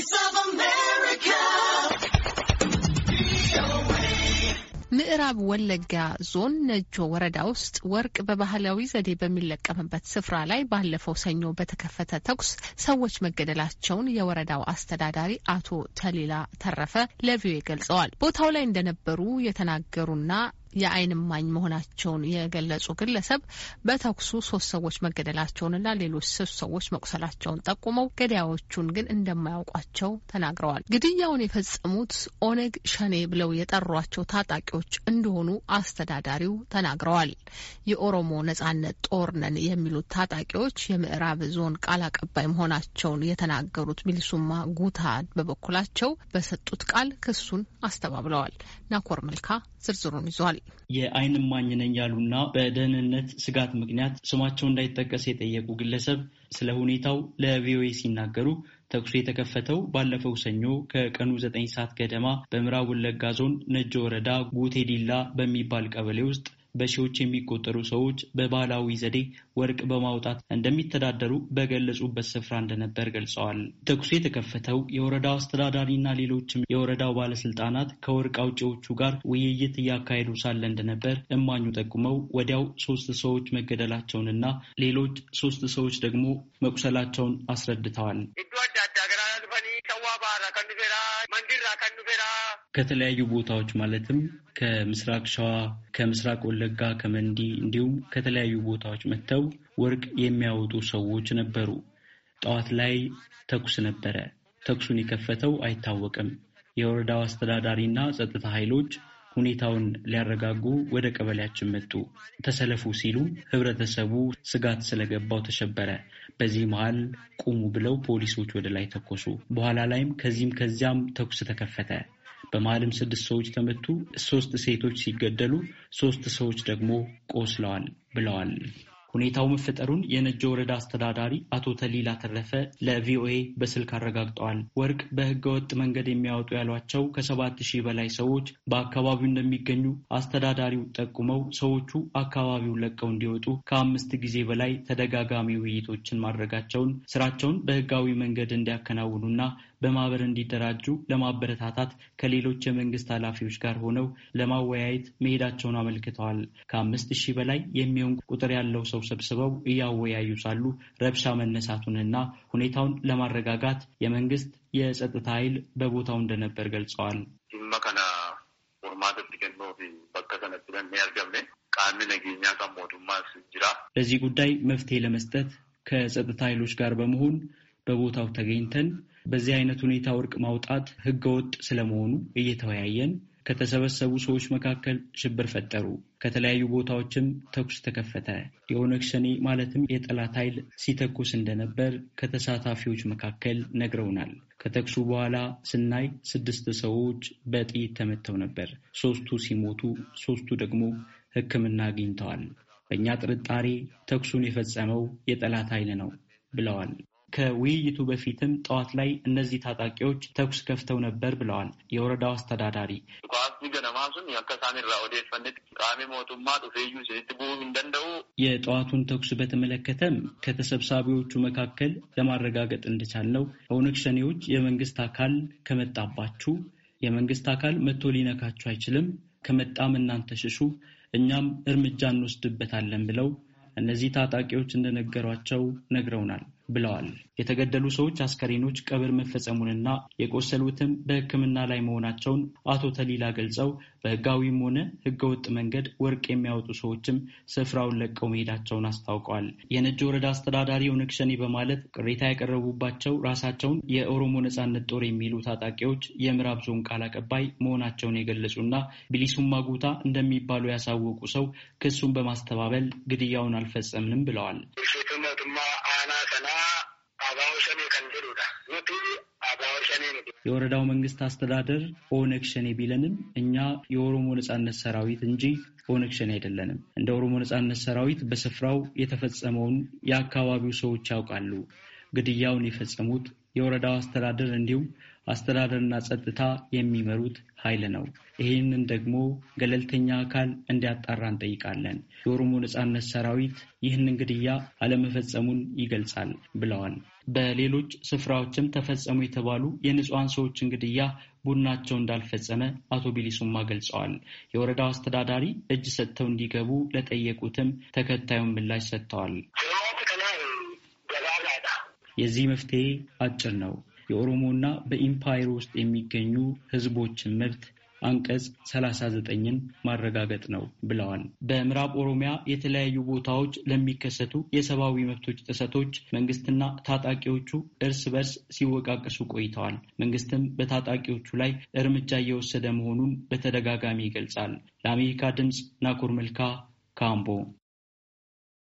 Voice of America. ምዕራብ ወለጋ ዞን ነጆ ወረዳ ውስጥ ወርቅ በባህላዊ ዘዴ በሚለቀምበት ስፍራ ላይ ባለፈው ሰኞ በተከፈተ ተኩስ ሰዎች መገደላቸውን የወረዳው አስተዳዳሪ አቶ ተሊላ ተረፈ ለቪኦኤ ገልጸዋል። ቦታው ላይ እንደነበሩ የተናገሩና የአይን ማኝ መሆናቸውን የገለጹ ግለሰብ በተኩሱ ሶስት ሰዎች መገደላቸውንና ሌሎች ሶስት ሰዎች መቁሰላቸውን ጠቁመው ገዳያዎቹን ግን እንደማያውቋቸው ተናግረዋል። ግድያውን የፈጸሙት ኦነግ ሸኔ ብለው የጠሯቸው ታጣቂዎች እንደሆኑ አስተዳዳሪው ተናግረዋል። የኦሮሞ ነጻነት ጦርነን የሚሉት ታጣቂዎች የምዕራብ ዞን ቃል አቀባይ መሆናቸውን የተናገሩት ሚልሱማ ጉታ በበኩላቸው በሰጡት ቃል ክሱን አስተባብለዋል። ናኮር መልካ ዝርዝሩን ይዟል። የዓይን እማኝ ነኝ ያሉና በደህንነት ስጋት ምክንያት ስማቸው እንዳይጠቀስ የጠየቁ ግለሰብ ስለ ሁኔታው ለቪኦኤ ሲናገሩ ተኩሱ የተከፈተው ባለፈው ሰኞ ከቀኑ ዘጠኝ ሰዓት ገደማ በምዕራብ ወለጋ ዞን ነጆ ወረዳ ጉቴዲላ በሚባል ቀበሌ ውስጥ በሺዎች የሚቆጠሩ ሰዎች በባህላዊ ዘዴ ወርቅ በማውጣት እንደሚተዳደሩ በገለጹበት ስፍራ እንደነበር ገልጸዋል። ተኩሱ የተከፈተው የወረዳው አስተዳዳሪ እና ሌሎችም የወረዳው ባለስልጣናት ከወርቅ አውጪዎቹ ጋር ውይይት እያካሄዱ ሳለ እንደነበር እማኙ ጠቁመው ወዲያው ሶስት ሰዎች መገደላቸውንና ሌሎች ሶስት ሰዎች ደግሞ መቁሰላቸውን አስረድተዋል። ከተለያዩ ቦታዎች ማለትም ከምስራቅ ሸዋ፣ ከምስራቅ ወለጋ፣ ከመንዲ እንዲሁም ከተለያዩ ቦታዎች መጥተው ወርቅ የሚያወጡ ሰዎች ነበሩ። ጠዋት ላይ ተኩስ ነበረ። ተኩሱን የከፈተው አይታወቅም። የወረዳው አስተዳዳሪና ጸጥታ ኃይሎች ሁኔታውን ሊያረጋጉ ወደ ቀበሌያችን መጡ። ተሰለፉ ሲሉ ህብረተሰቡ ስጋት ስለገባው ተሸበረ። በዚህ መሃል ቁሙ ብለው ፖሊሶች ወደ ላይ ተኮሱ። በኋላ ላይም ከዚህም ከዚያም ተኩስ ተከፈተ። በመሀልም ስድስት ሰዎች ተመቱ፣ ሶስት ሴቶች ሲገደሉ፣ ሶስት ሰዎች ደግሞ ቆስለዋል ብለዋል። ሁኔታው መፈጠሩን የነጆ ወረዳ አስተዳዳሪ አቶ ተሊላ ተረፈ ለቪኦኤ በስልክ አረጋግጠዋል። ወርቅ በህገወጥ መንገድ የሚያወጡ ያሏቸው ከሰባት ሺህ በላይ ሰዎች በአካባቢው እንደሚገኙ አስተዳዳሪው ጠቁመው ሰዎቹ አካባቢውን ለቀው እንዲወጡ ከአምስት ጊዜ በላይ ተደጋጋሚ ውይይቶችን ማድረጋቸውን ስራቸውን በህጋዊ መንገድ እንዲያከናውኑና በማህበር እንዲደራጁ ለማበረታታት ከሌሎች የመንግስት ኃላፊዎች ጋር ሆነው ለማወያየት መሄዳቸውን አመልክተዋል። ከአምስት ሺህ በላይ የሚሆን ቁጥር ያለው ሰው ሰብስበው እያወያዩ ሳሉ ረብሻ መነሳቱንና ሁኔታውን ለማረጋጋት የመንግስት የጸጥታ ኃይል በቦታው እንደነበር ገልጸዋል። ለዚህ ጉዳይ መፍትሄ ለመስጠት ከጸጥታ ኃይሎች ጋር በመሆን በቦታው ተገኝተን በዚህ አይነት ሁኔታ ወርቅ ማውጣት ህገወጥ ስለመሆኑ እየተወያየን ከተሰበሰቡ ሰዎች መካከል ሽብር ፈጠሩ። ከተለያዩ ቦታዎችም ተኩስ ተከፈተ። የኦነግ ሸኔ ማለትም የጠላት ኃይል ሲተኩስ እንደነበር ከተሳታፊዎች መካከል ነግረውናል። ከተኩሱ በኋላ ስናይ ስድስት ሰዎች በጥይት ተመተው ነበር። ሶስቱ ሲሞቱ፣ ሶስቱ ደግሞ ሕክምና አግኝተዋል። በእኛ ጥርጣሬ ተኩሱን የፈጸመው የጠላት ኃይል ነው ብለዋል። ከውይይቱ በፊትም ጠዋት ላይ እነዚህ ታጣቂዎች ተኩስ ከፍተው ነበር ብለዋል የወረዳው አስተዳዳሪ። የጠዋቱን ተኩስ በተመለከተም ከተሰብሳቢዎቹ መካከል ለማረጋገጥ እንደቻልነው ኦነግ ሸኔዎች የመንግስት አካል ከመጣባችሁ የመንግስት አካል መጥቶ ሊነካችሁ አይችልም፣ ከመጣም እናንተ ሽሹ፣ እኛም እርምጃ እንወስድበታለን ብለው እነዚህ ታጣቂዎች እንደነገሯቸው ነግረውናል። ብለዋል። የተገደሉ ሰዎች አስከሬኖች ቀብር መፈጸሙንና የቆሰሉትም በሕክምና ላይ መሆናቸውን አቶ ተሊላ ገልጸው በህጋዊም ሆነ ህገወጥ መንገድ ወርቅ የሚያወጡ ሰዎችም ስፍራውን ለቀው መሄዳቸውን አስታውቀዋል። የነጅ ወረዳ አስተዳዳሪ ኦነግ ሸኔ በማለት ቅሬታ ያቀረቡባቸው ራሳቸውን የኦሮሞ ነጻነት ጦር የሚሉ ታጣቂዎች የምዕራብ ዞን ቃል አቀባይ መሆናቸውን የገለጹና ቢሊሱማ ጉታ እንደሚባሉ ያሳወቁ ሰው ክሱን በማስተባበል ግድያውን አልፈጸምንም ብለዋል። የወረዳው መንግስት አስተዳደር ኦነግ ሸኔ ቢለንም እኛ የኦሮሞ ነጻነት ሰራዊት እንጂ ኦነግ ሸኔ አይደለንም። እንደ ኦሮሞ ነጻነት ሰራዊት በስፍራው የተፈጸመውን የአካባቢው ሰዎች ያውቃሉ። ግድያውን የፈጸሙት የወረዳው አስተዳደር እንዲሁም አስተዳደርና ጸጥታ የሚመሩት ኃይል ነው። ይህንን ደግሞ ገለልተኛ አካል እንዲያጣራ እንጠይቃለን። የኦሮሞ ነጻነት ሰራዊት ይህን ግድያ አለመፈጸሙን ይገልጻል ብለዋል። በሌሎች ስፍራዎችም ተፈጸሙ የተባሉ የንጹሐን ሰዎችን ግድያ ቡድናቸው እንዳልፈጸመ አቶ ቢሊሱማ ገልጸዋል። የወረዳው አስተዳዳሪ እጅ ሰጥተው እንዲገቡ ለጠየቁትም ተከታዩን ምላሽ ሰጥተዋል። የዚህ መፍትሄ አጭር ነው። የኦሮሞና በኢምፓየር ውስጥ የሚገኙ ህዝቦችን መብት አንቀጽ 39ን ማረጋገጥ ነው ብለዋል። በምዕራብ ኦሮሚያ የተለያዩ ቦታዎች ለሚከሰቱ የሰብአዊ መብቶች ጥሰቶች መንግስትና ታጣቂዎቹ እርስ በርስ ሲወቃቀሱ ቆይተዋል። መንግስትም በታጣቂዎቹ ላይ እርምጃ እየወሰደ መሆኑን በተደጋጋሚ ይገልጻል። ለአሜሪካ ድምፅ ናኮር መልካ ካምቦ